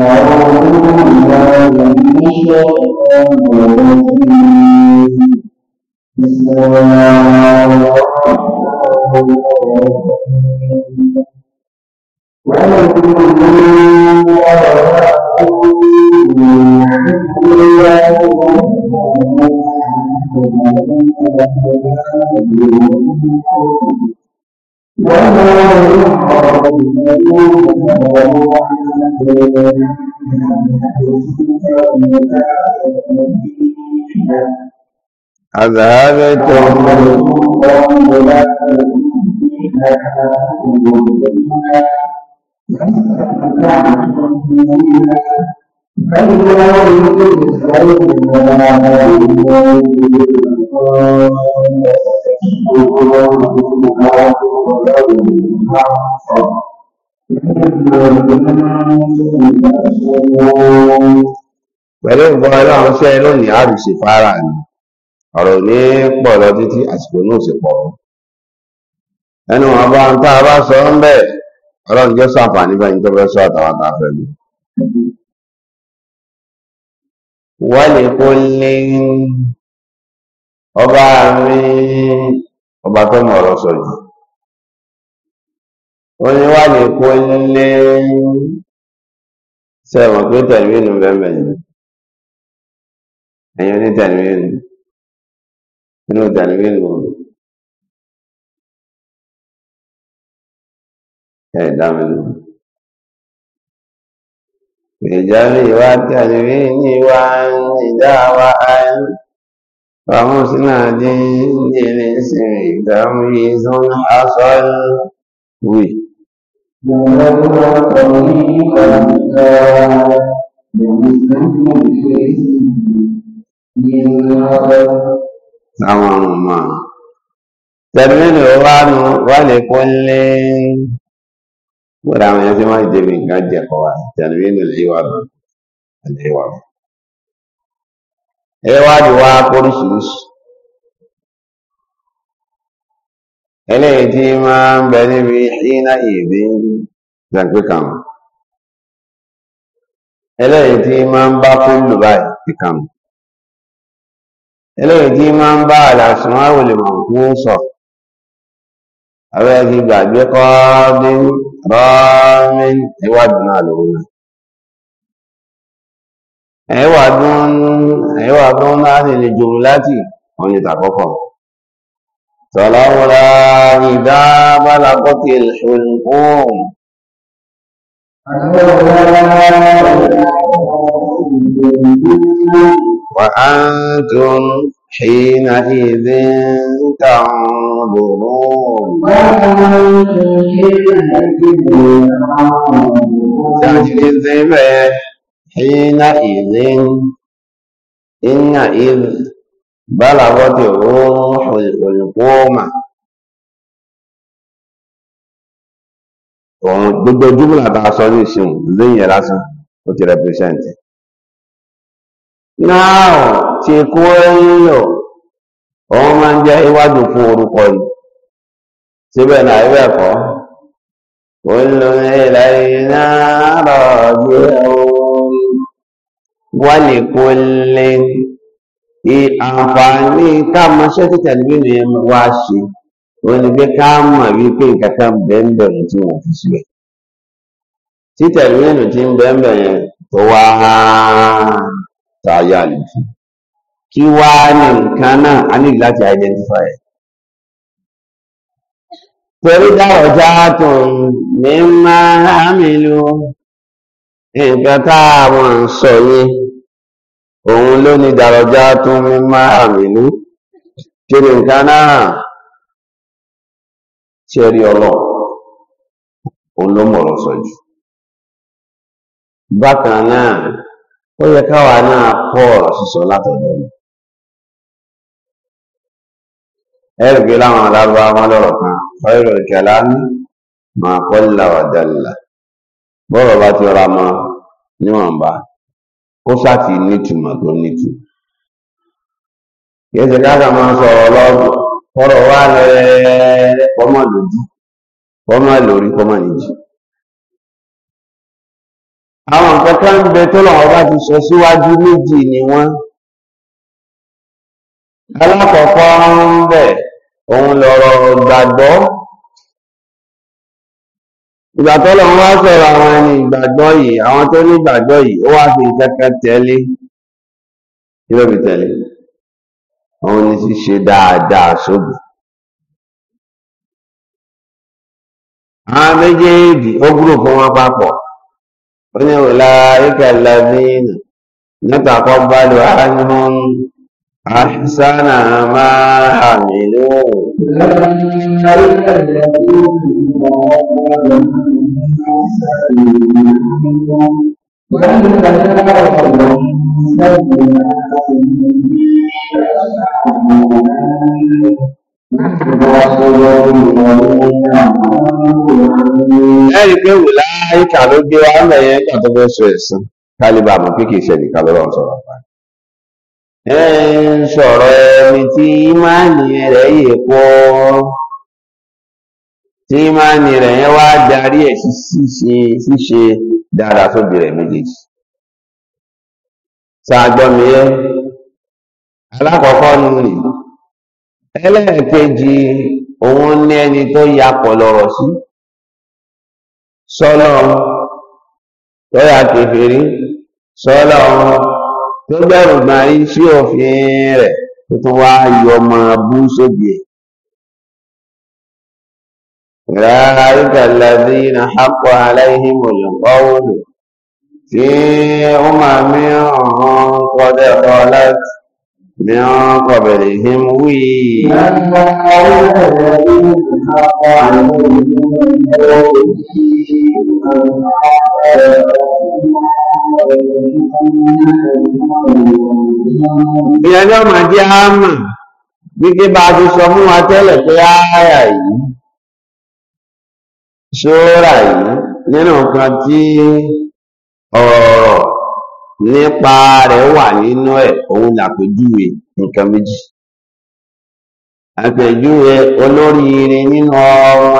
أعوذ بالله من الشيطان الرجيم بسم الله الرحمن الرحيم والذين آمنوا أذهبتم فالله pẹ̀lú nǹkan ọlọ́run ṣẹ́ lónìí àrùsè fara ni ọ̀rọ̀ ní pọ̀ lọ títí àsìkò náà sì pọ̀ ẹnu ọba ń tá a bá sọ ń bẹ̀ ọlọ́run jẹ́ sàǹfààní bẹ́ẹ̀ tó fẹ́ sọ àtàwọn àtàfẹ́ mi. wọ́n lè kó lé ọba mi ọba tó mọ̀ sọ jù wọ́n ní wà ní kó nílé sẹ́wọ̀n pé tẹ̀lúwìnì bẹ́ẹ̀ yìí ní tẹ̀lúwìnì inú tẹ̀lúwìnì ẹ̀ dámi nù. ní ìwà tẹ̀lúwìnì wá ìjà فمسند لسعدم حصل وي Àwọn tẹ̀lẹ́lẹ̀ wánu wà lè kó lé wọ́n àwọn ẹ̀sẹ̀ máa jẹ́ mi nǹkan jẹ́kọ̀ọ́ tẹ̀lẹ́lẹ̀ lè wà lọ́wọ́. ẹwádìí wá póríṣiríṣi eléyìí tí máa ń bẹ níbi ìhínà èdè ìjàgbé kan eléyìí tí máa ń bá fúlù báyìí ìkan eléyìí tí máa ń bá àlàsùn àwòlèmọ̀ ń sọ àwọn ẹgbẹ́ gbàgbé kọ́ dín rọ́ọ̀mí ìwádìí náà lòun náà ẹ̀wà gan láti lè jòrò láti wọ́n ní tàkọ́kọ́ tọ́láwọ́lá ìdábálàkọ́tì ìṣòlùkún وأنتم حينئذ تنظرون وأنتم حينئذ تنظرون حينئذ إن إذ بلغت الروح القومة ọ̀run gbogbo júmùlà tá a sọ ní ìṣẹ̀hùn lẹ́yìn ẹ̀ lásán ó ti rẹpẹsẹ̀ǹtì náà ti kó ẹ̀yọ̀ òun máa ń jẹ́ iwájú fún orúkọ yìí síbẹ̀ náà ẹ̀rọ ẹ̀kọ́ ó ilẹ̀ iná rọ̀ bí wálèkólé àǹfààní káàmọ́ṣẹ́ tí tẹ̀lifíìnì yẹn wá ṣe ó ní pé káàmọ̀ wípé nǹkan kan bẹ́ẹ̀nbẹ̀rẹ̀ tí wọ́n fi sílẹ̀ tí tẹ̀lifíìnì ti ń bẹ́ẹ̀nbẹ̀rẹ̀ tó wá tààyà lè fi kí wá ní nǹkan náà a ní láti identify ẹ̀ torí dá ọjà tó ní máa hàmìlú nǹkan tá a mọ̀ sọ yẹn. òun ló ní dàrọjá tún mímá àmìlú kiri nǹkan náà tí ẹ ọlọ́run òun ló mọ̀rọ̀ sọ jù bákan náà ó yẹ káwa náà kọ́ ọ̀rọ̀ sísọ látọ̀dọ̀ mi ẹ̀rù lọ́rọ̀ kan ọ̀rọ̀ ìkẹlá ní màá kọ́ bọ́rọ̀ bá ti rọra níwọ̀nba ó ṣàtì nítumọ̀ tó nítu kí ẹsẹ̀ káàkà máa sọ̀rọ̀ lọ́gùn ọ̀rọ̀ wà lẹ́ẹ̀ẹ́rẹ́ kọ́mọ̀ lójú kọ́mọ̀ lórí kọ́mọ̀ níjì àwọn nǹkan kan ń bẹ tó lọ́wọ́ bá ti sọ síwájú méjì ni wọ́n alákọ̀ọ́kọ́ ń bẹ òun lọ̀rọ̀ gbàgbọ́ ìgbà tó lọ wá sọ̀rọ̀ àwọn ẹni ìgbàgbọ́ yìí àwọn tó ní ìgbàgbọ́ yìí ó wá fi kankan tẹ̀lé yóò fi tẹ̀lé òun ni ṣíṣe dáadáa sóbì àwọn méjèèjì ó gúrò fún wọn papọ̀ ó ní òlà ìkàlà ní nàtàkọ́ bá lò áhùn أحسن ما عملوا ẹ̀rí pé wùlá ìkà ló gbé wa ń lẹ̀yẹn ìkà tó fẹ́ sọ ẹ̀sìn kálíbà mọ̀ pé kìí ṣe nìkan lọ́wọ́ sọ̀rọ̀ àpáyé. ẹ ń sọ̀rọ̀ ẹni tí ìmáànì rẹ̀ yè pọ̀ tí ìmáànì rẹ̀ yẹn wá darí ẹ̀ ṣíṣe ṣíṣe dáadáa sóbì rẹ̀ méjèèjì ṣàgbọ́mi ẹ́ alákọ̀ọ́kọ́ nù ní ẹlẹ́ẹ̀kejì òun ní ẹni tó yapọ̀ lọ́rọ̀ sí sọ́lọ́ tó yà kẹfìrí sọ́lọ́ tó gbẹ̀rùgbà yín sí òfin rẹ̀ tó tún wá yọ ọmọ abú sóbì ẹ̀. أولئك الذين حق عليهم القول في أمم قد خلت من قبلهم وي ìyẹn ní ọmọ jẹ́ àmà gbígbé bá a ti sọ mú wa tẹ́lẹ̀ pé ááyà yìí ṣóra yìí nínú nǹkan tí ọ̀rọ̀ nípa rẹ̀ wà nínú ẹ̀ òun làpèjúwe nǹkan méjì àpèjúwe irin nínú ọmọ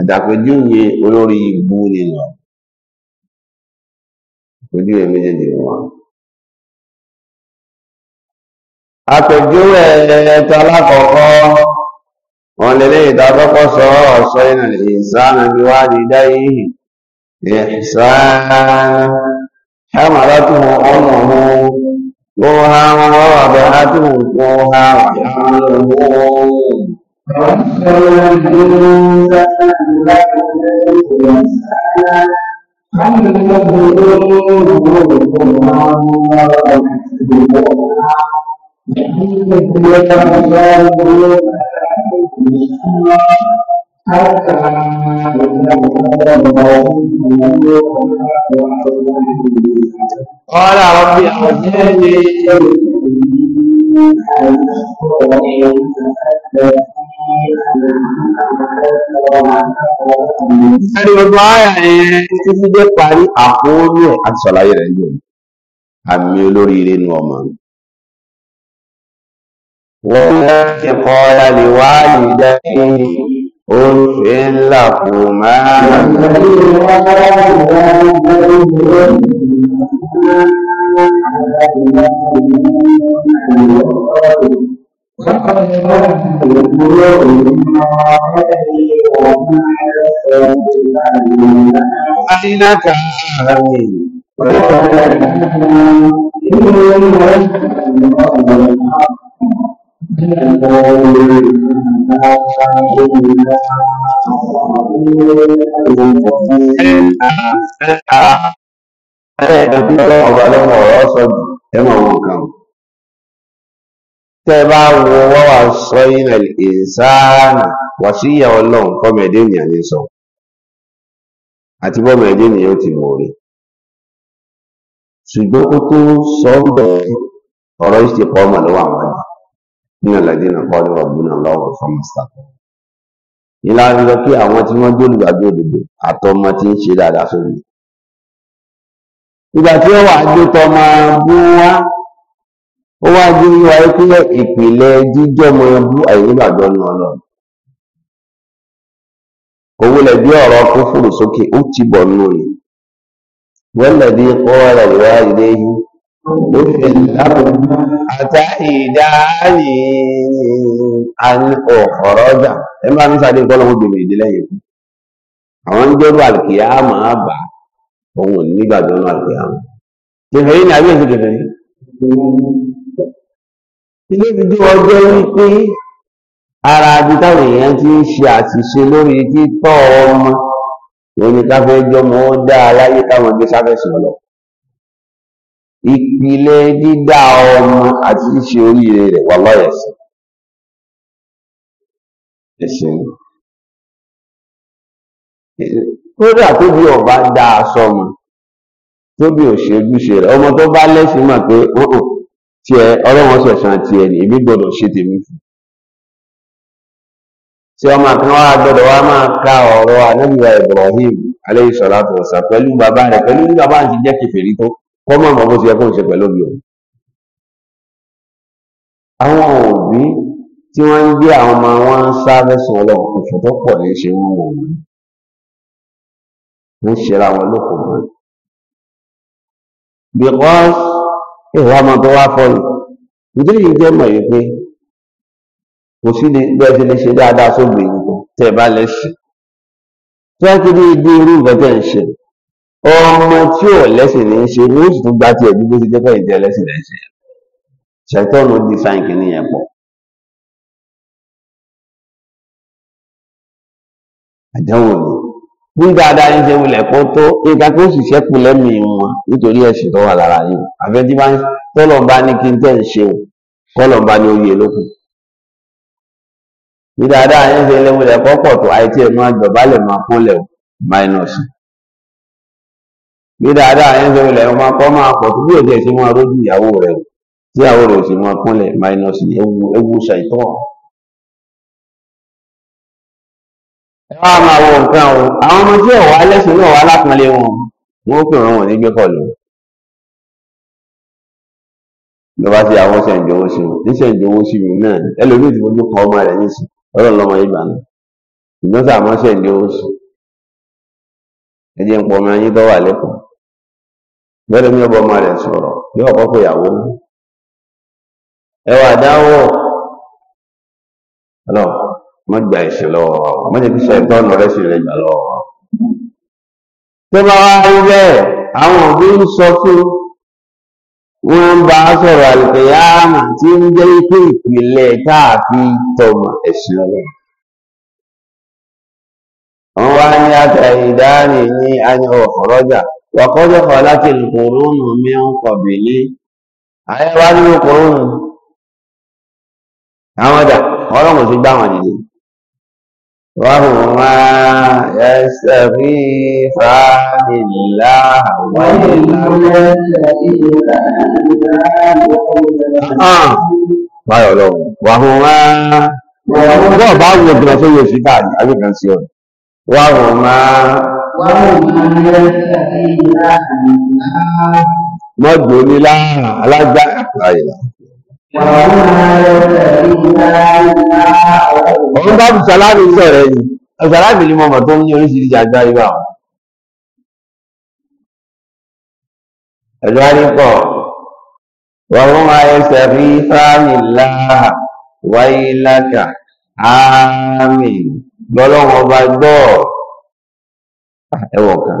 àtàpèjúwe olórí ìbú nínú ọmọ. ojú ẹ̀ méjèèjì a wọn. àpèjúwe ẹ̀ẹ́ta alákọ̀ọ́kọ́ wọn lè ní ìdákọ́kọ́ sọ ọ̀sọ́ iná ìsáná bí wá di dáyìí ìsáná حملته أمه نوها قال رب أعزني أن أكون ẹni gbogbo ara ẹ̀ títí dé parí àkóónú ẹ̀ àti sọ̀láyé rẹ̀ yóò àmì olóríire nu ọmọ rẹ̀. wọ́n yá ti kọ́ lè wá lè dá kéde ó ń fi ńlá máa. Thank you. لقد كان أعينك ẹ ẹ ẹ ẹ ọba lọ́wọ́ ọ̀rọ̀ sọ́dún ẹ mọ̀ wọn kan tẹ́bá wo wọ́n wà sọ ilẹ̀ ìsáàmù wà sí ìyà ọlọ́run kọ́mẹ̀dé ènìyàn ní sọ àti bọ́mẹ̀dé ènìyàn ó ti mòrí ṣùgbọ́n ó tó sọ bẹ̀ ọ̀rọ̀ ìṣe pọ̀ ọmọ lọ́wọ́ àwọn àgbà ní ọ̀làdé náà kọ́ ní ọ̀gbìn náà lọ́wọ́ fọmọ sàkó ìlànà lọ kí àwọn tí wọ́n gbé olùgbàgbé òdodo àtọmọ tí ń ṣe dáadáa sórí ìgbà tí ó wà á dé tọmọ bú wá ó wá jẹ́ yé wa pé ìpìlẹ̀ jíjọ́mọ ẹbú àìnígbàgbọ́ nu ọlọ́run owó lẹ́bí ọ̀rọ̀ kúfùrù sókè ó ti bọ̀ nù ni wọ́n lẹ́bí fi àtà ọ̀rọ̀ ọjà ẹ máa sáré nǹkan lọ́wọ́ ìdílé yẹn àwọn ń jẹ́rú àlùkìyà máa bà àlùkìyà ilé dídú ọjọ́ wípé ara adi táwọn èèyàn ti ń ṣe àṣìṣe lórí títọ́ ọmọ ẹni ká fẹ́ jọmọ ó dá aláyé táwọn gbé sáfẹ́sì lọ ìpìlẹ̀ dídá ọmọ àti ṣíṣe oríire rẹ̀ wà lọ́yẹ̀ sí ẹ̀sìn kódà tóbi ọba dá aṣọ mọ tóbi òṣèlú ṣe rẹ ọmọ tó bá lẹ́sìn mọ̀ pé ó hàn tiẹ̀ ọlọ́run ṣẹ̀san tiẹ̀ ní èmi gbọ́dọ̀ ṣe tèmi fún tí ọmọ kan wá gbọ́dọ̀ wá máa ka ọ̀rọ̀ anábìwá Ibrahim alayhi salatu wasa pẹ̀lú bàbá rẹ̀ pẹ̀lú bí bàbá ti jẹ́ kèfèrí tó kọ́mọ̀ mọ́ bó ti yẹ kó ń ṣe pẹ̀lú òbí òun àwọn òbí tí wọ́n ń gbé àwọn ọmọ wọn ń sá lẹ́sùn ọlọ́run ìfẹ́ tó pọ̀ ní ṣe wọ́n wọ̀ wọ́n ń ṣe ra wọn lókun because ìwà ọmọ tó wá fọyín nítorí yìí jẹ́ mọ̀ yìí pé kò sí ní bẹ́ẹ̀ ti lè ṣe dáadáa sóògbé yìí tó tẹ̀ bá lẹ́sìn tí wọ́n ti ní ìdí irú nǹkan tẹ̀ ń ṣe ọmọ tí ò lẹ́sìn ní í ṣe ní oṣù tó gba tiẹ̀ bí ti jẹ́ pé ìjẹ́ lẹ́sìn ṣe ṣètọ́nù di sáǹkì nìyẹn pọ̀ àdánwò ni bí dáadáa ń ṣe wulẹ̀ kó tó nǹkan tó sì ṣẹ́kù lẹ́mìí wọn nítorí ẹ̀sìn tó wà lára yìí àfẹ́tí bá ń tọ́lọ̀ bá ní kí n tẹ̀ ń ṣe o kọ́lọ̀ bá ní oyè lókù. bí dáadáa ń ṣe wulẹ̀ kó pọ̀ tó àìtí ẹ̀ máa gbọ̀ bálẹ̀ máa kúnlẹ̀ o máínọ̀sì. bí dáadáa ń ṣe wulẹ̀ máa kọ́ máa pọ̀ tó bí òjò ìṣe máa rójú ìyàwó rẹ̀ tí ìyàwó ò wá ma wo nǹkan o àwọn ọmọ tí ọ̀wá lẹ́sìn náà wá lápọnlé wọn wọn ó pè wọn wọn ní gbé pọ̀ lò ló bá ti àwọn ṣẹ̀ǹjọ owó sí mi níṣẹ̀ǹjọ e sí mi náà ẹlòmíì tí fojú kan ọmọ rẹ̀ nísìn ọlọ́run lọ́mọ yìí gbàna ìgbọ́n sà mọ́ ṣẹ̀ǹjọ sí ń pọ̀ ọmọ lẹ́kọ̀ọ́ bẹ́ẹ̀ ni ọba má gba ẹ̀sìn lọ́wọ́ wa má jẹ́ kí ṣàìtọ́nù rẹ̀ sì rẹ̀ gbà lọ́wọ́ wa. tó bá wá rí bẹ́ẹ̀ àwọn òbí ń sọ fún wọn ń bá sọ̀rọ̀ àlùkìyámà tí ń jẹ́ pé ìpìlẹ̀ káàfin tọmọ ẹ̀sìn ọlọ́run. wọ́n wá ní àtẹ̀yìndánì ní ayọ̀ ọ̀rọ̀jà wàkọ́jọ́ kan láti kòrónù mi ń kọ̀bìlì ayé nínú kòrónù àwọn ọjà ọlọ́run ti gbá wọn nìyí. وهما يستغيثان الله báyọ̀ lọ wàhùn máa ọjọ́ ọ̀bá àwọn obìnrin tó yẹ sí káàdì agbègbè sí ọ̀nà wàhùn máa mọ́gbò nílá alágbá àpàyà Òun bá Bùsàlámì sọ̀rọ̀ ẹni, Bùsàlámì ni mọ̀mọ̀ tó ń ní oríṣiríṣi àgbáyé bá wọn. Ẹ̀lú Adépọ̀, wọ́n mú ayé sẹ̀rí fámìlá wáyé lákà, àmì lọ́lọ́wọ́ bá gbọ́ ẹ̀wọ̀ kan.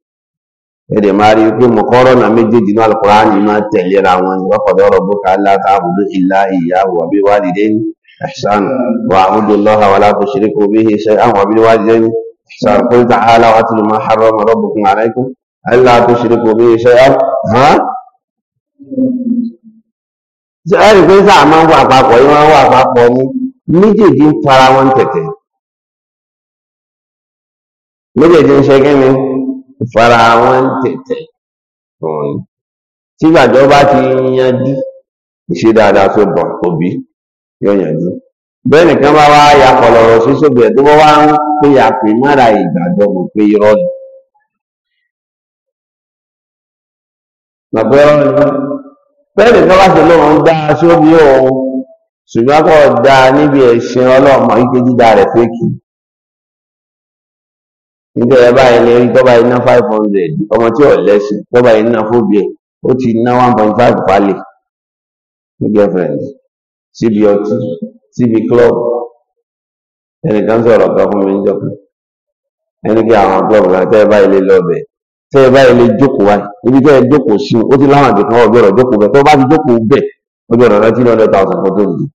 ẹ̀dẹ̀ máa rí pé mọ̀kọ́rọ̀ náà na náà Al-Qur'ani máa ra wọn ni waqada rabbuka allā ta'budu illā iyyāhu wa bil walidayni ihsāna wa'budu Allāha wa lā tushriku bihi shay'an wa bil walidayni ihsāna qul ta'ālā wa atlu mā harrama rabbukum 'alaykum allā tushriku bihi shay'an ha. ni ìfara wọn ń tẹ̀tẹ̀ fún yín tí gbàgbọ́ bá ti yanjú ìṣe dáadáa tó bọ̀ òbí yóò yanjú bẹ́ẹ̀ nìkan bá wá ya kọlọ̀rọ̀ sí sóbẹ̀ tó bá wá ń pè àpè mára ìgbàgbọ́ mọ̀ pé irọ́ ni. bàbá ẹ̀rọ ni wọ́n bẹ́ẹ̀ nìkan bá ṣe lóun dá sóbi òun ṣùgbọ́n kò dáa níbi ẹ̀sìn ọlọ́mọ ike dídá rẹ̀ fẹ́kì nígbà yẹn báyìí lè rí tọ́ba iná five hundred ọmọ tí ò lẹ́sìn tọ́ba iná fóbi ẹ̀ ó ti ná one point five falẹ̀ ní girlfriend síbi ọtí síbi club ẹnìkan sọ̀rọ̀ kan fún mi níjọ́ kan ẹni kí àwọn club kan tẹ́ ẹ báyìí lè lọ bẹ̀ tẹ́ ẹ báyìí lè jókòó wáyé ibi tẹ́ ẹ jókòó sí ó ti láwọn àgbẹ̀ kan wọ́n gbọ́dọ̀ jókòó bẹ̀ tó bá ti jókòó bẹ̀ ó gbọ́dọ̀ ná three hundred thousand fún tó nìyí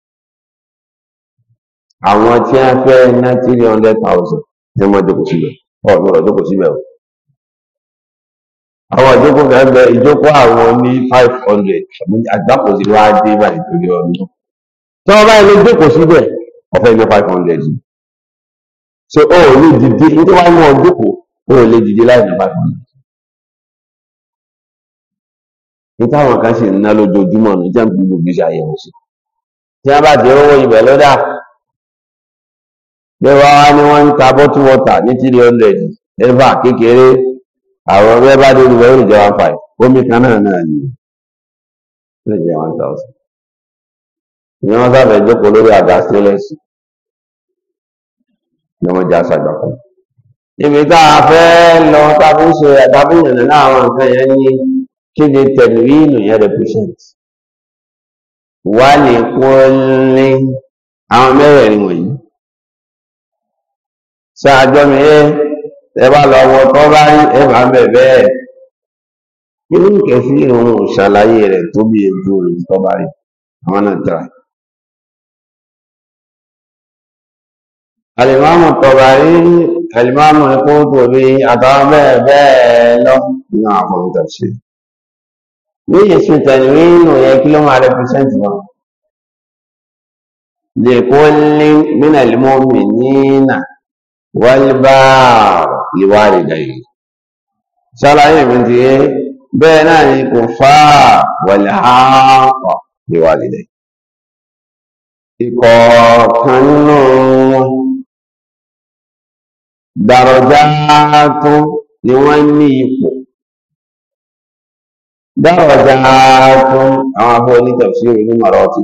àwọn tí wọ́n fẹ́ ná hundred thousand ni wọ́n jókòó síbẹ̀ ọ̀gbọ̀rọ̀ jókòó síbẹ̀ o àwọn ìjókòó kan bẹ ìjókòó àwọn ní five hundred àgbàpọ̀ sí wá dé báyìí torí ọdún tí wọ́n bá ilé jókòó síbẹ̀ ọ̀fẹ́ ní five hundred so ó lè dìde ní wọ́n mú ọ jókòó ó lè dìde láì ní five hundred ní táwọn kan sì ń ná lójoojúmọ́ ní jẹ́ ń gbogbo ìgbésí ayẹ̀wò sí tí wọ́n bá ti rówó ibẹ̀ lọ́dà lẹ́wà wá ní wọ́n ń ta bottle water ní three hundred ẹ̀fà kékeré àwọn ọ̀rẹ́ bá dé ìwé ìrìn jẹ́ one five omi kan náà náà ní ìrìn jẹ́ one thousand. ìyẹn wọ́n sábẹ̀ jókòó lórí àga sílẹ̀sì ni wọ́n já sàgbà kan. ibi tá a fẹ́ lọ tá a fi ń ṣe àdábòyàn náà àwọn nǹkan yẹn ní kí ni tẹ̀lifíìnù yẹn represent. wá ní kúnlé àwọn mẹ́rẹ̀ẹ̀rin wọ̀nyí ṣáájọ́ mi ẹ́ ẹ bá lọ wọ tọ́ bá rí ẹ bá bẹ̀bẹ̀ ẹ̀ kí ló ń kẹ́ sí òun ṣàlàyé rẹ̀ tó bí ojú rẹ̀ tọ́ bá rí àwọn náà tà. àlìmáàmù tọ̀bà rí àlìmáàmù ní kó tòbí àtàwọn bẹ́ẹ̀ bẹ́ẹ̀ lọ nínú àwọn ìtàṣe. méjì sí tẹ̀lé nínú yẹn kí ló máa rẹpẹsẹ̀ntì wọn. lè kó lé mínà lè mọ́ mi nínà. والبار لوالديه ṣàlàyé mi ti yé ni kò fà á wàlẹ́hàpọ̀ níwájúlẹ̀. ìkọ̀ọ̀kan dàrọ̀já tó ni wọ́n ní ipò dàrọ̀já tó àwọn afọ onítọ̀sí onímọ̀rọ́tì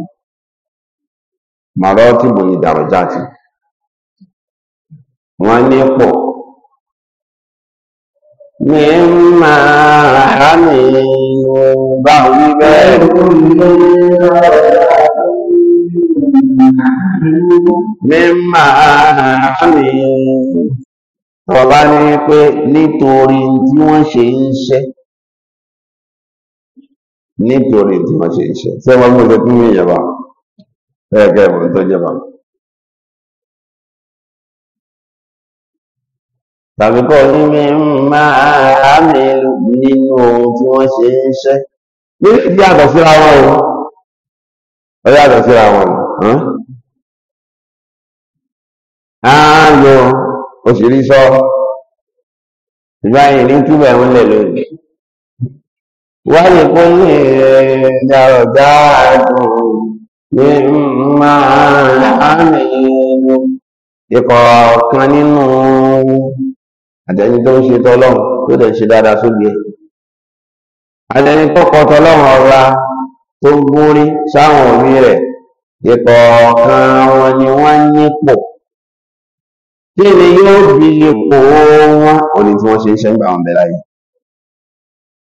mọ̀rọ́tì bò ni dàrọ̀já tó. wanipo mímà àmì bá wíwẹ́ mímà àmì tọba ní pé nítorí tí wọ́n ṣe ń ṣe nítorí tí wọ́n ṣe ń ṣe tí wọ́n mú ọjọ́ tí wọ́n yẹ̀bá ẹ̀ẹ́kẹ́ ìwọ̀n tó jẹba. tàbí kọ́ ní mi àmì nínú ohun tí wọ́n ṣe ń ṣẹ́ méjì yàtọ̀ síra wọn o ó yàtọ̀ síra wọn o ààyò òṣèré sọ ìgbà yìí ní túbẹ̀ ń lẹ̀ lónìí wọ́n lè kó ní ẹ̀ẹ́dàrọ̀ dáadùn ní máa àmì ìkọ̀ọ̀kan nínú ohun àtẹni tó ń ṣe tọlọ́run tó dẹ̀ ṣe dáadáa sóbi ẹ̀ àtẹni tó kọ tọlọ́run ọba tó ń gúnrí sáwọn òbí rẹ̀ ìkọ̀ọ̀kan wọn ni wọ́n nípò kí ni yóò fi ipò wọn òní tí wọ́n ṣe ń ṣe ń gbà wọn bẹ̀ láyé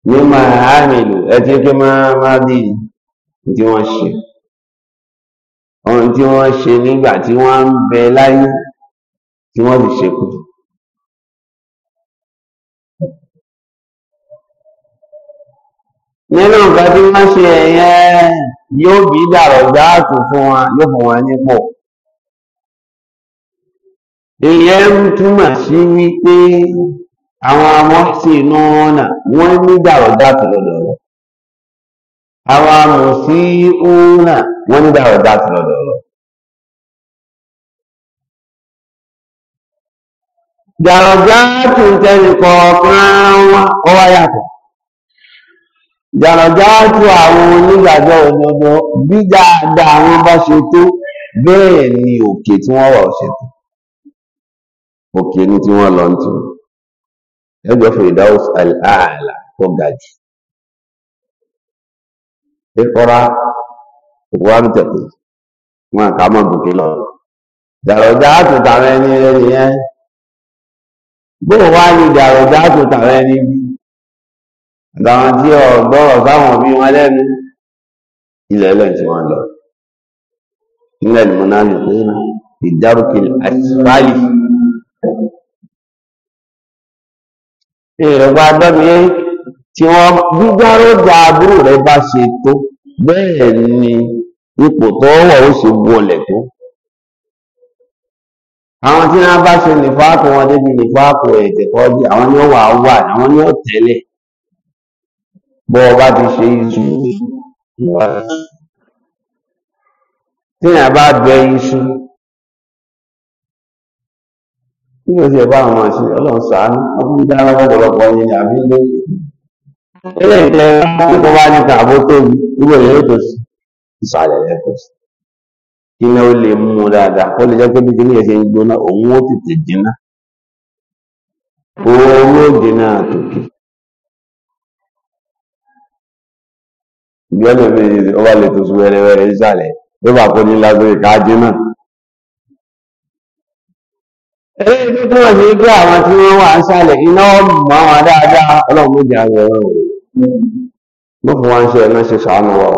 ní máa hàmìlù ẹtí kí máa má bí tí wọ́n ṣe ohun tí wọ́n ṣe nígbà tí wọ́n ń bẹ láyé tí wọ́n fi ṣe kù. nínú nǹkan tí wọ́n ṣe ẹ̀yẹn yóò bí dàrọ̀ gbáàtù fún wọn yóò fún wọn nípò ìyẹn túmọ̀ wípé àwọn amọ́sí inú na wọ́n ní dàrọ̀ gbáàtù lọ́dọ̀ rẹ̀ àwọn amọ̀sí wọ́n ní dàrọ̀ gbáàtù lọ́dọ̀ dàrọ̀ gbáàtù tẹ́lẹ̀ kọ̀ọ̀kan wọn ọwọ́ Jaraja àwọn onígbàgbọ́ òdodo bí dáadáa wọn bá ṣe tó bẹ́ẹ̀ ni òkè tí wọ́n wà ṣe tó òkè lọ ń tún ẹgbẹ́ Firdaus al-A'la ga jù ìkọ́ra wọ́n tẹ̀lé wọn kà lọ jàrọ̀jàátù tàwọn ẹni rẹ nìyẹn bó wá ní tàwọn ẹni bí. àtàwọn tí ọ gbọ́rọ̀ sáwọn bí wọn lẹ́nu ilẹ̀ ẹlẹ́yìn tí wọ́n lọ nílẹ̀ ni mo náà lè pé ìdárúkì àìsífáàlì ìrọ̀gbà agbẹ́mìí tí wọ́n gbígbárògbà àbúrò rẹ̀ bá ṣe tó bẹ́ẹ̀ ni ipò tó wọ̀ ó ṣe bu ọlẹ̀ tó àwọn tí wọ́n bá ṣe wọn débi bí ni wà wà àwọn ni ó tẹ̀lé bọ́ ọba ti ṣe iṣu tíyàn bá bẹ iṣu tí kò sí ẹ̀ bá àwọn àṣẹ ọlọ́run sàánú ọkùnrin dára ọ̀pọ̀lọpọ̀ ní àbí ilé ìtẹ́ tó ìsàlẹ̀ rẹ̀ tó kí ni ó lè mú dáadáa ó lè jẹ́ pé ṣe ń gbóná òun ó tètè dínà ó gẹ́lẹ̀ mi ọba lè tó sun wẹ́rẹ́wẹ́rẹ́ ìsàlẹ̀ ló bá kó ní lágbèrè a náà. eré tó túmọ̀ sí pé àwọn tí wọ́n wà ń sàlẹ̀ iná mọ́ àwọn dáadáa ọlọ́run méjì àwọn ẹ̀rọ mo fún wọn ṣe ẹ̀rọ ṣe sàánú wa.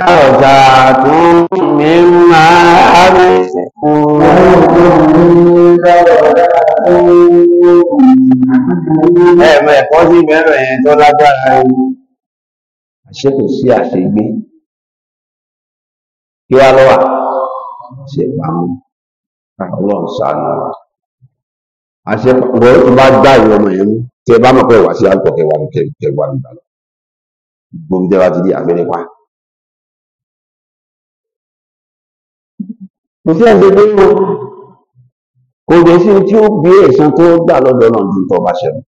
ọ̀sà tó mi máa rí fún ẹ̀mọ̀ ẹ̀kọ́ sí mẹ́rọ ẹ̀yẹn tó lágbára ẹ̀yìn àṣẹ kò sí àṣegbé kí wá lọ́wà ṣe pàmò ọlọ́run sànù àṣẹ wọ́n tó bá gbá ìwọ ọmọ yẹn mú tẹ bá mọ̀ pé wà sí àgbọ̀ kẹwàá kẹwàá nígbà gbogbo jẹ́ ti di àgbẹ̀rẹ̀ pa. kò sí ẹ̀sẹ̀ pé o kò dé sí tí ó gbé ẹ̀san tó gbà lọ́dọ̀ náà ju tọ́ bá ṣẹlẹ̀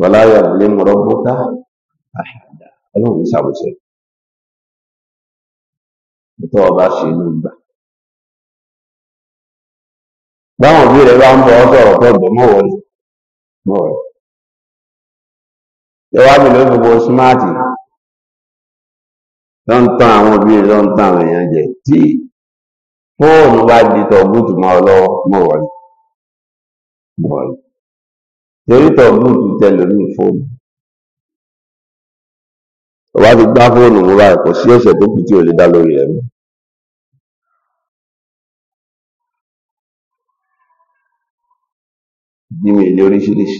wàláyà lè mọ̀rọ̀ bọ́tà àṣàdá ọlọ́run ṣàwùṣẹ́ ọba ṣe ló gbà báwọn òbí rẹ̀ bá ń tó wá bí lọ ń tán àwọn òbí lọ ń tán àwọn èèyàn jẹ tí fóònù bá di tọ̀gùtù mọ́ ọ lọ́wọ́ mọ́ wọlé mọ́ wọlé torí tọ̀gùtù tẹlẹ̀ ní fóònù ọba ti gbá fóònù mú báyìí kò sí ẹ̀ṣẹ̀ tó kù tí ò lè dá lórí rẹ̀ mọ́. Jímìlì oríṣiríṣi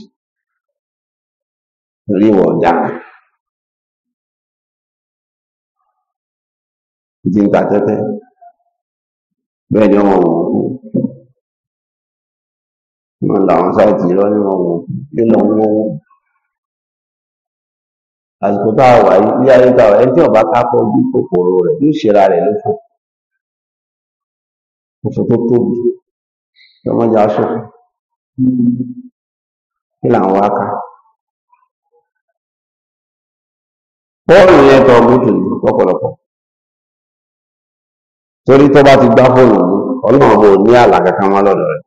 torí ìwọ̀n ọ̀daràn. ti ń ta tẹ́tẹ́ bẹ́ẹ̀ ni wọ́n wọ̀n kú wọ́n làwọn sáìtì irọ́ ní wọ́n wọ̀n kú lílọ ń wọ́n wọ́n àsìkò tá a wà ní ayé tá a wà ẹni tí ọba kápọ̀ ojú kòkòrò rẹ̀ yóò ṣera rẹ̀ lófò òfò tó tóbi tí wọ́n jẹ́ aṣọ kí làwọn wá ká bọ́ọ̀lù yẹn tó ọgbọ́n tó ní ọ̀pọ̀lọpọ̀. torí tó bá ti gbá fóònù mú ọlọ́run ní àlà kankan wá lọ́dọ̀ rẹ̀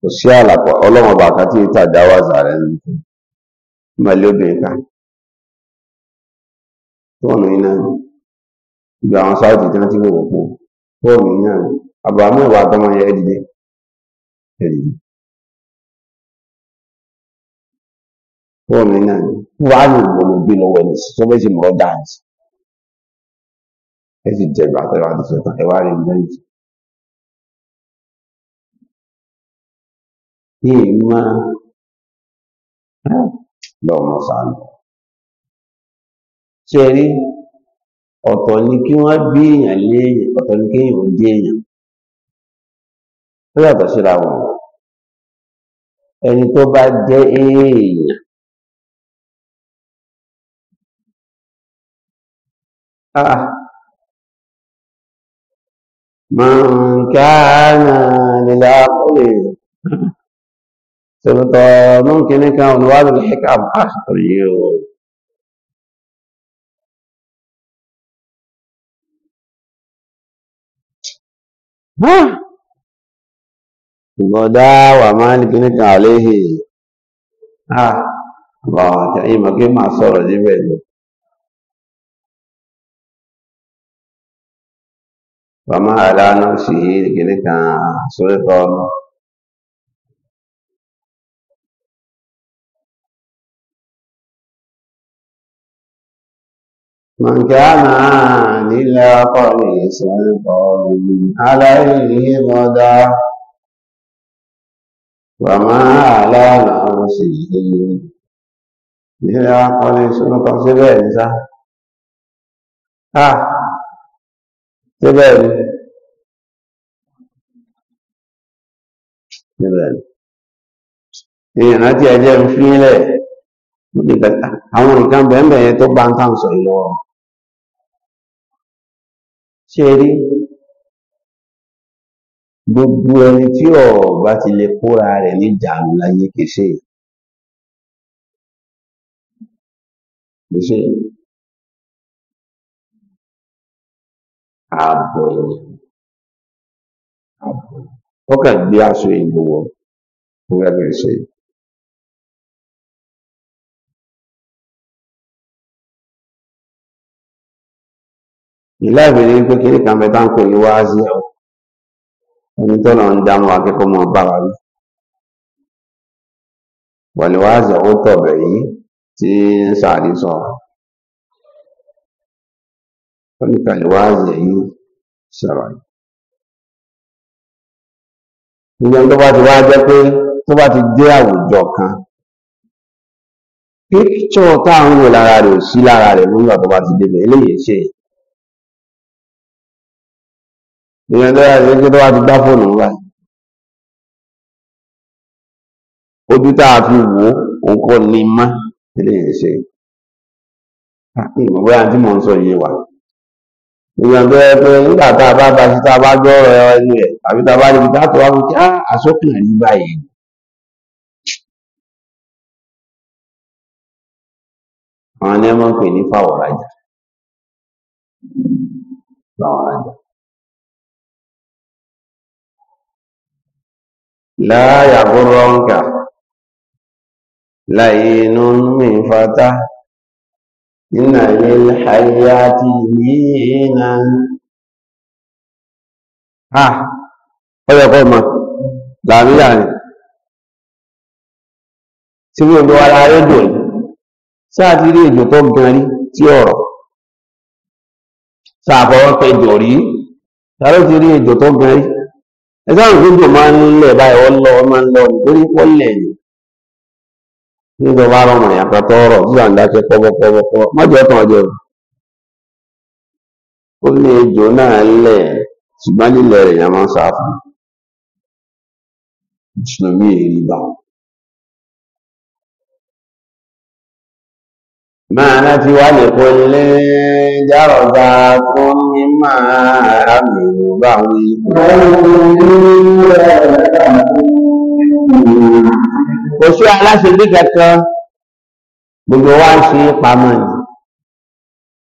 kò sí àlà pọ̀ ọlọ́run ọba àkàtì ìtajà ní obìnrin kan fóònù iná ìgbà àwọn sáwọ́tì tí wọ́n ti wò fóònù iná ìwà àtọmọ fóònù iná ní ẹ sì jẹ ìgbà pẹ̀lú àti ṣetán ẹ wá rí mi lẹ́yìn. ní ìmọ lọmọ sàánù ṣe rí ọ̀tọ̀ ni kí wọ́n bí èèyàn léèyàn ọ̀tọ̀ ni kéèyàn ò jẹ́ èèyàn ó yàtọ̀ síra wọn ẹni tó bá jẹ́ èèyàn ah من كان للعقل سلطة ممكن كان عنوان الحكم اخر يوم ها غدا ومالك نك عليه ها آه. الله تعيمك ما صار دي wàmà àlànà sí kìnnì kan sórí kan. من كان لله قميص قوم عليه مدى وما على نفسه لله قميص قوم síbẹ̀ ní sá. Ah, síbẹ̀ ni. níbẹ̀ ni èèyàn tí ẹ jẹ́ ń fílẹ̀ àwọn nǹkan bẹ̀ẹ̀bẹ̀ yẹn tó bá ń tàn sọ yìí lọ́wọ́ ṣe rí gbogbo ẹni tí ọ̀ọ̀bá ti lè kóra rẹ̀ níjàánu láyé kèsè kèsè ààbọ̀ ènìyàn ààbọ̀ ènìyàn wọ́n kàn gbé aṣọ èèyàn wọ̀ fún ẹnu iṣẹ́ ìlà ìbèrè wípé kí nìkan bẹ bá ń pè ní wáásí ẹ̀wọ̀n ẹni tó náà ń dámọ̀ akẹ́kọ̀ọ́ mọ́ bá wa wí wàlúwáàsì ọ̀hún tọ̀bẹ̀ yìí tí ń sàárì sọ ó ní kàlúwáàsì yìí sọ̀rọ̀ yìí ìyẹn tó bá ti wá jẹ́ pé tó bá ti dé àwùjọ kan píkítsọ̀ táwọn wò lára rẹ̀ ò sí lára rẹ̀ nígbà tó bá ti débẹ̀ eléyìí ṣe ìyẹn tó yà sí pé tó bá ti gbá fóònù ńlá ojú tá a fi wò ó nǹkan ní má eléyìí ṣe ah, ìmọ̀ bóyá tí mò ń sọ yé wa èèyàn tó yẹ pé nígbà tá a bá ba sí tá a bá gbọ́ ọ̀rọ̀ ẹnu ẹ̀ tàbí tá a bá níbi tá a tó wá fún kí àsókùn rí báyìí. àwọn ni ẹ máa ń pè ní fàwọ̀rajà fàwọ̀rajà. láyà kó rọ́ǹkà láyé inú mi fata. إن للحياة مينا ها ọyọ kọ ma làmìlà ni tí wọn lọ ara rédíò yìí sáà ti rí èdò tó gan rí tí ọ̀rọ̀ ṣàfọwọ́pẹ èdò rí sáré ti rí èdò tó gan rí ẹ sáà ń gbọ́dọ̀ máa ń lẹ̀ báyìí ọ lọ ọ máa ń lọ nítorí pọ́lẹ̀ yìí nígbà bá rọrùn ya kan ọrụ jíjà ń dákẹ́ pọwọpọwọpọ mọjọ tán ọjọ ó ní ejò náà lẹ na lílẹ rẹ lere ya ń nsọ fún mùsùlùmí kò sí aláṣẹlẹ kankan gbogbo wa ń ṣe pamọ́ ni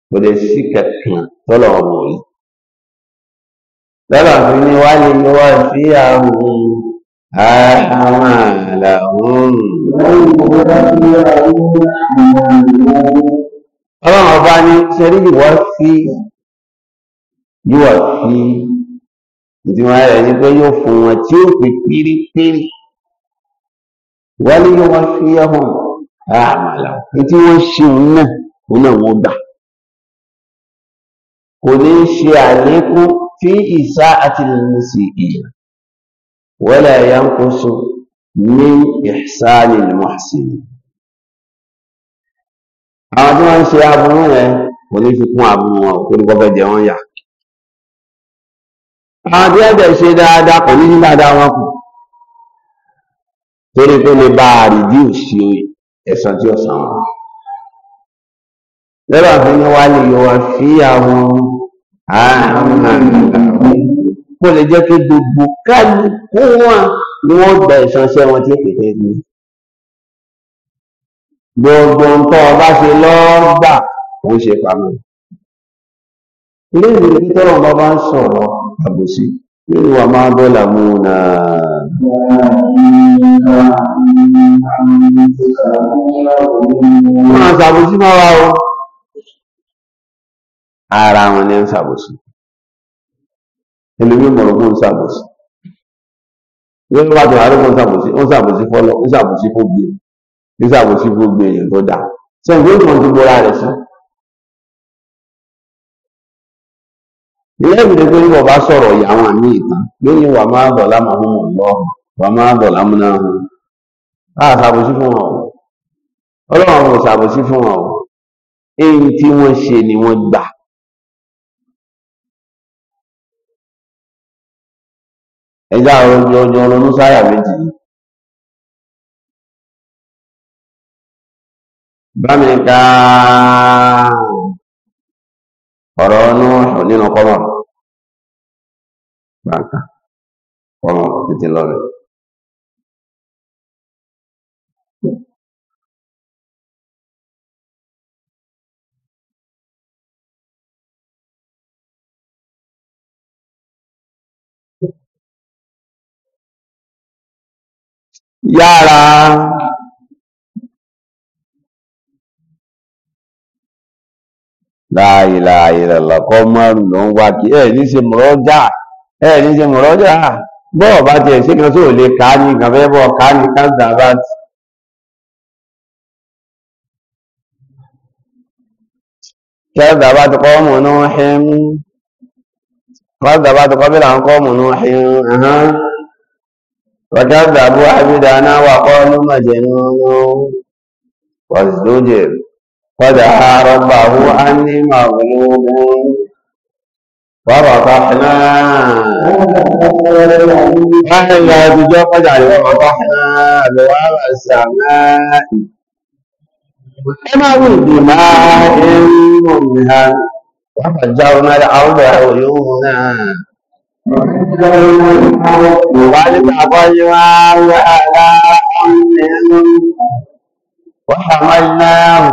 kò lè sí kankan tọlọ ọmọ yìí lọ́dọ̀ fi ni wá ní wọ́n fi àwọn àwọn àlàhùn. ọlọ́run ọba ní sẹ́rí ìwọ́ fi yóò fi ìdíwọ̀n rẹ̀ ni pé yóò fún wọn tí ó fi pírípírí wálé yóò wá fi ẹhùn ah, àmàlà tí wọ́n ṣe òun náà òun náà wọ́n gbà kò ní ṣe àlékún fi ìsá àti lẹ́nìsì ìyà wala yanqusu min ihsani al-muhsini àwọn tí wọ́n ṣe aburú yẹn kò ní fi kún aburú wọn kò ní kọ́kọ́ jẹ wọ́n yà àwọn tí wọ́n bẹ̀ ṣe dáadáa kò ní ní dáadáa wọn kù torí kó lè bá a rìdíùsì ẹ̀sán tí ó san wọn. lọ́rọ̀ àfi ní wá lè yọwọ́ sí àwọn kó lè jẹ́ pé gbogbo kálukú wọn ni wọ́n gba ìsanṣẹ́ wọn tí kékeré ní. gbogbo nǹkan ọba ṣe lọ́gbà kò ṣe pamọ́. ilé ìwé tọ́lọ̀ bá bá ń sọ̀rọ̀ àbòsí. وما ظلمونا máa ṣàbòsí máa wá o ara wọn ni ń ṣàbòsí ẹlòmí mọ̀rọ̀ fún ṣàbòsí wọ́n ní wájú àárẹ̀ fún ṣàbòsí ó ṣàbòsí fọ́lọ́ ó ṣàbòsí fún gbé ó ṣàbòsí fún gbé èèyàn tó dáa ṣe ìwé ìmọ̀ ti bọ́ra rẹ̀ sọ́ọ́. lẹ́yìn pé ya sọrọ sọ̀rọ̀ ìyá àwọn àmì ìtàn lóyún wà máa dọ̀lá màmú lọ wà máa dọ̀lá múná hù fún wọn o ọlọ́run ò ṣàbòsí fụ wọn o tí wọ́n ṣe ni wọ́n gba ọ̀rọ̀ Nuhu nínú kọ́mọ̀ gbàǹkà kọ́mọ̀ títí lọ́rẹ̀. yára láàyèlà àyèlàlà kọ́ márùn ló ń wá kí ẹ̀ ní ṣe mọ̀rọ́jà ẹ̀ ní ṣe mọ̀rọ́jà bọ́ọ̀ bá kan tó lè ní fẹ́ bọ́ ní káńtà bá ti. káńtà bá ti kọ́ mọ̀ káńtà bá ti kọ́ bí làwọn kọ́ فدعا ربه أني مغلوب ففتحنا فإذا تجاوز عليه وفتحنا أبواب السماء وحمر بماء منهمر وفجرنا الأرض عيونا وقد تطيرا على أمهم وحملناهم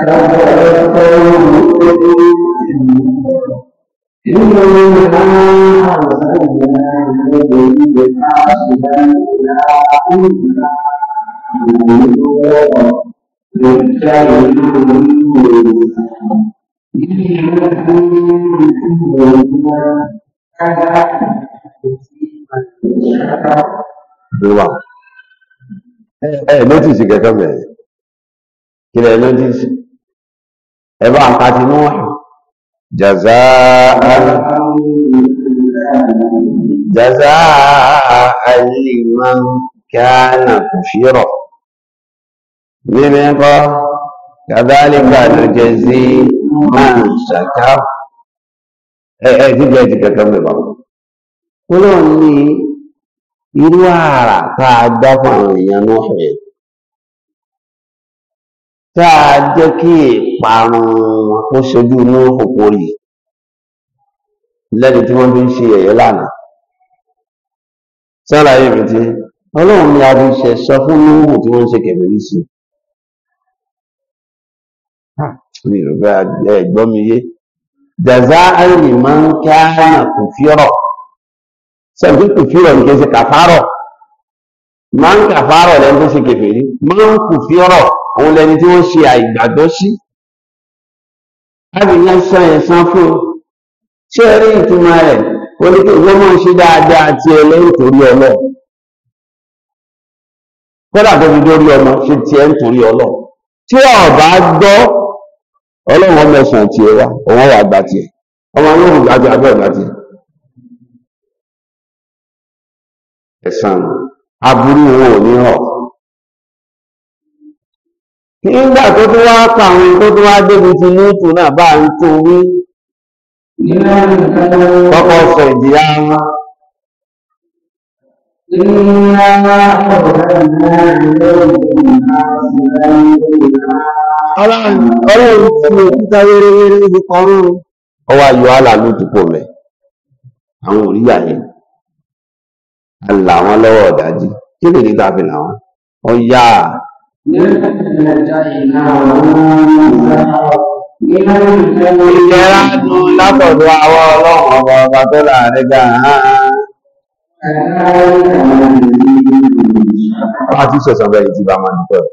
Ẹ ló ti kẹ́kọ̀ọ́ mẹ́rin. Kí ni ẹ ló إبان قاد نوح جزاء جزاء لمن كان كفيرا من كذلك نجزي من شكر ايه ايه تبقى تبقى تبقى قلوني إلوارا يا ينوحي tá a jẹ́ kí ìparun wọn kó ṣojú ní òpórí lẹ́ni tí wọ́n fi ń ṣe ẹ̀yẹ́ lánàá sára yìí tí ọlọ́run ni a fi ṣẹ̀ sọ fún níwò tí wọ́n ń ṣe kẹ̀mẹ́rí sí mi ò bá ẹ̀gbọ́n mi yé jàzá àìní máa ń ká hànà kò fi ọ̀rọ̀ sẹ́ni kò fi ọ̀rọ̀ nìkan ṣe kàfárọ̀ máa ń kàfárọ̀ lẹ́nu tó ṣe kẹfẹ́rí máa ń kò fi ọ̀rọ̀ òun lẹni tí wọ́n ṣe àìgbàgbọ́ sí láti yẹn san ẹ̀san fún ṣé ẹ rí ìtumọ̀ rẹ̀ ó ní kí ìwọ́n máa ṣe dáadáa ti ẹ lẹ́yìn torí ọlọ́ kódà tó fi dórí ọmọ ṣe tiẹ̀ ń torí ọlọ́ tí ọba gbọ́ ọlọ́run ọmọ ẹ̀sán tiẹ̀ wá òun wà gbà tiẹ̀ ọmọ yóò gbà tiẹ̀ abẹ́ tiẹ̀ ẹ̀san aburú wọn ní hàn nígbà tó tún wá pa àwọn tó tún wá débi ti lóòtù náà bá ń tó wí kọ́kọ́ sọ ìdíyà wọn. ọlọ́run tí mo kúta wéréwéré ibi kan rún. ndị ayọ̀ àlà ló mẹ́ àwọn òríyà yẹn a là wọn lọ́wọ́ ọ̀dájú kí a. Ìjẹ́ra dùn látọ̀dọ̀ àwọn ọlọ́run ọba ọba tó láàrin gan-an. Àwọn àti ṣẹ̀sán bẹ̀rẹ̀ ti bá máa ń tọ̀.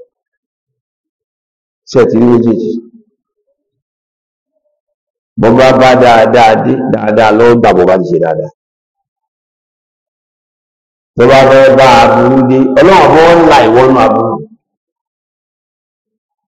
Ṣé ti rí méjèèjì? Bọ́ bá bá dáadáa dé, dáadáa ló gbà bó bá ti ṣe dáadáa. Tó bá fẹ́ bá aburú dé, ọlọ́run fọwọ́ ń la ìwọ́nú aburú.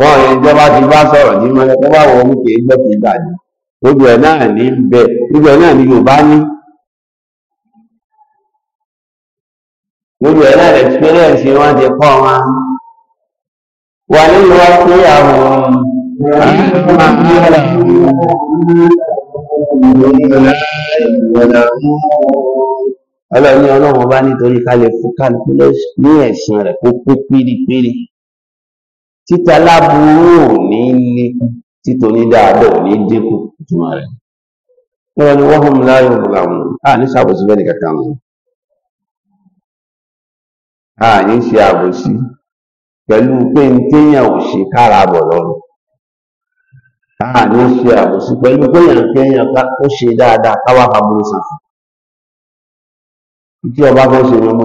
kọrin ìjọba ti bá sọ̀rọ̀ ní mọ́lẹ́ tó bá wọ́n mú kì í gbọ́ kì í bàjẹ́ gbogbo ẹ̀ náà ní bẹ́ẹ̀ gbogbo ẹ̀ náà ní Yorùbá ní gbogbo ẹ̀ náà experience wọn ti pọ̀ wọn wà nínú wa pé àwọn ọlọ́run ọlọ́run bá nítorí ká lè fún kálukú ní ẹ̀sìn rẹ̀ kó pé pérépéré. títa aláburú ò ní lé títa ò ní dínkù ìtumọ̀ rẹ̀ lọ́wọ́ ni wọ́n fún mi òun làwọn a ní ṣàbòsí bẹ́ẹ̀ nìkan kan wọn a ní ṣe àbòsí pẹ̀lú pé n téèyàn ò ṣe kára bọ̀ lọ́rùn a ní ṣe àbòsí pẹ̀lú pé ó ṣe dáadáa káwá fa burú sàn ọba fẹ́ ṣe ni ọmọ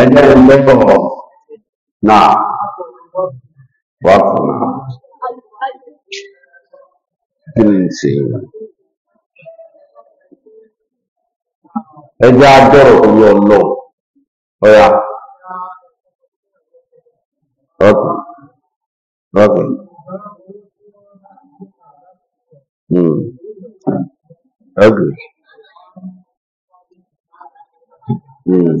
ẹjẹ́ ìlẹ́kọ̀ọ́ náà wákò náà kí ni ṣe ẹjẹ́ agbọ́rọ̀ orí ọlọ́ ọ̀yà ọkùn ọkùn. Hmm. Okay. Hmm.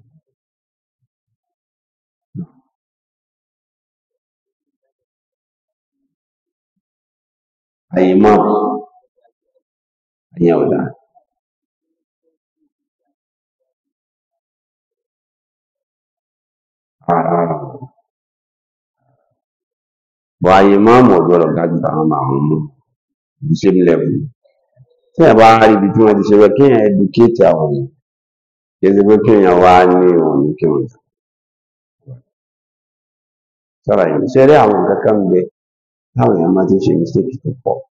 anyị àyẹ̀ ọ̀dà. bọ̀ àyèmọ́ àmọ̀ ọ̀gbọ́dọ̀ dájú àwọn màmú mú the same level tí ẹ bá rí ibi tí wọ́n ti ṣe pé kí èèyàn educate àwọn èèyàn kí ẹ How am I teaching mistake to fall?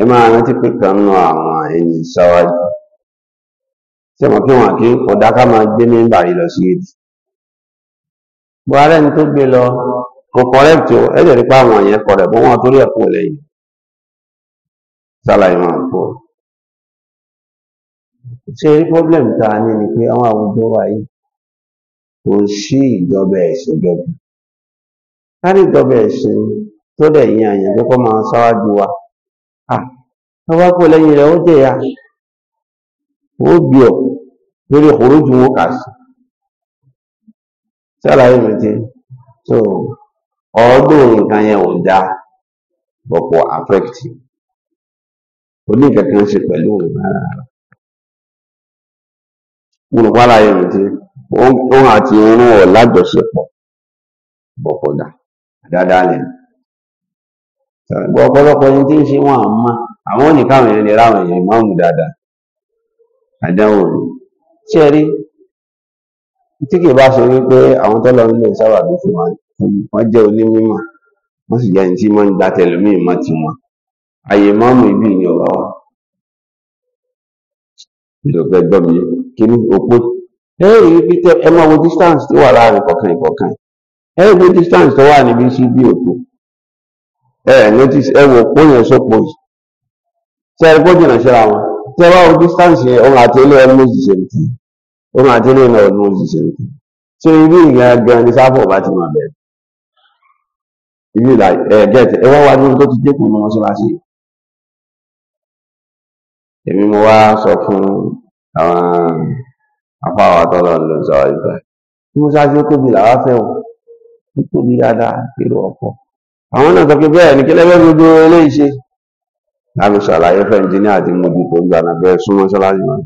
Ẹ máa rántí pé kan nù àwọn ẹni ṣáwájú. Ṣé mo kí wọn Buhari ẹni tó gbe lọ kò correct o, ẹ àwọn yẹn correct bó wọn torí ẹ̀kọ́ lẹ́yìn. Ṣàlàyé máa pọ̀. ni pé àwọn àwùjọ wa yìí si sí ìjọba ẹ̀sìn kárìjọba ẹ̀sìn tó dẹ̀ yan àyàn pé kó máa ṣáwájú wa tó bá kó lẹ́yìn rẹ̀ ó jẹ̀yà ó bí ọ̀ lórí òkúrújù wọn kà sí sálàyé mi ti so ọdún nǹkan yẹn ò dáa bọ̀pọ̀ affect oníkankan ṣe pẹ̀lú ara olùpàlàyé mi ti òun àti irun ọ̀ lájọṣepọ̀ bọ̀pọ̀ dáadáa lẹ̀ ọ̀pọ̀lọpọ̀ ẹni tí ń ṣe wọn àwọn èèyàn lè ráwọn èèyàn máa mú dáadáa ṣé rí tí kì í bá ṣe wípé àwọn tọ́lọ nílé sábà bí fún wọn jẹ́ onímọ̀ wọ́n sì jẹ́ ẹni tí wọ́n ń àyè ibi ni ọ̀rọ̀ wa ìlọ̀gbẹ́gbọ́n mi kí ni òpó ẹ rí ẹ máa wo distance tó wà ẹgbẹ distance tó wà níbi sí bí òtò ẹ notice ẹ wò pé yẹn sọpọ yìí tí ẹ gbọ́ jìnnà síra wọn tí ẹ bá wo distance yẹn òun àti ilé ẹnu òṣìṣẹ́ nìkan òun àti ilé ẹnu ọ̀nà òṣìṣẹ́ nìkan so ibi ìgbìyànjú gan ni sáfọ̀ bá ti máa bẹ̀rẹ̀ ibi ìlà ẹ gẹ̀ẹ́tì ẹ wá wá ní tó ti dínkù ní mọ́ṣáláṣí èmi mo wá sọ fún àwọn afáwà tọ́lọ́ ló ń sọ ìgbà tí mọ́ṣáláṣí ó tóbi làwọn fẹ́ wọn ó tóbi dáadáa èrò ọ̀pọ̀ àwọn náà sọ pé bẹ́ẹ̀ ni kílẹ̀ bẹ́ẹ̀ gbogbo eléyìí ṣe láti ṣàlàyé fẹ́ǹjìníà àti mojú tó ń gbà náà bẹ́ẹ̀ súnmọ́ ṣáláṣí wọn.